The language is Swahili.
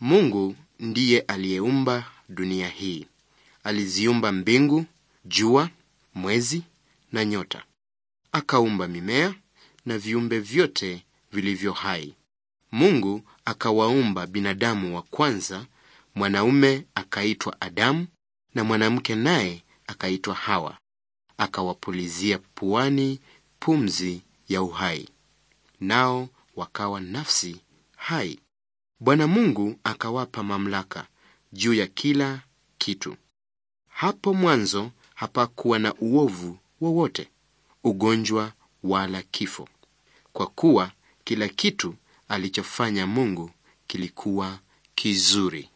Mungu ndiye aliyeumba dunia hii. Aliziumba mbingu, jua, mwezi na nyota. Akaumba mimea na viumbe vyote vilivyo hai. Mungu akawaumba binadamu wa kwanza, mwanaume akaitwa Adamu na mwanamke naye akaitwa Hawa. Akawapulizia puani pumzi ya uhai, nao wakawa nafsi hai. Bwana Mungu akawapa mamlaka juu ya kila kitu. Hapo mwanzo hapakuwa na uovu wowote, ugonjwa wala kifo, kwa kuwa kila kitu alichofanya Mungu kilikuwa kizuri.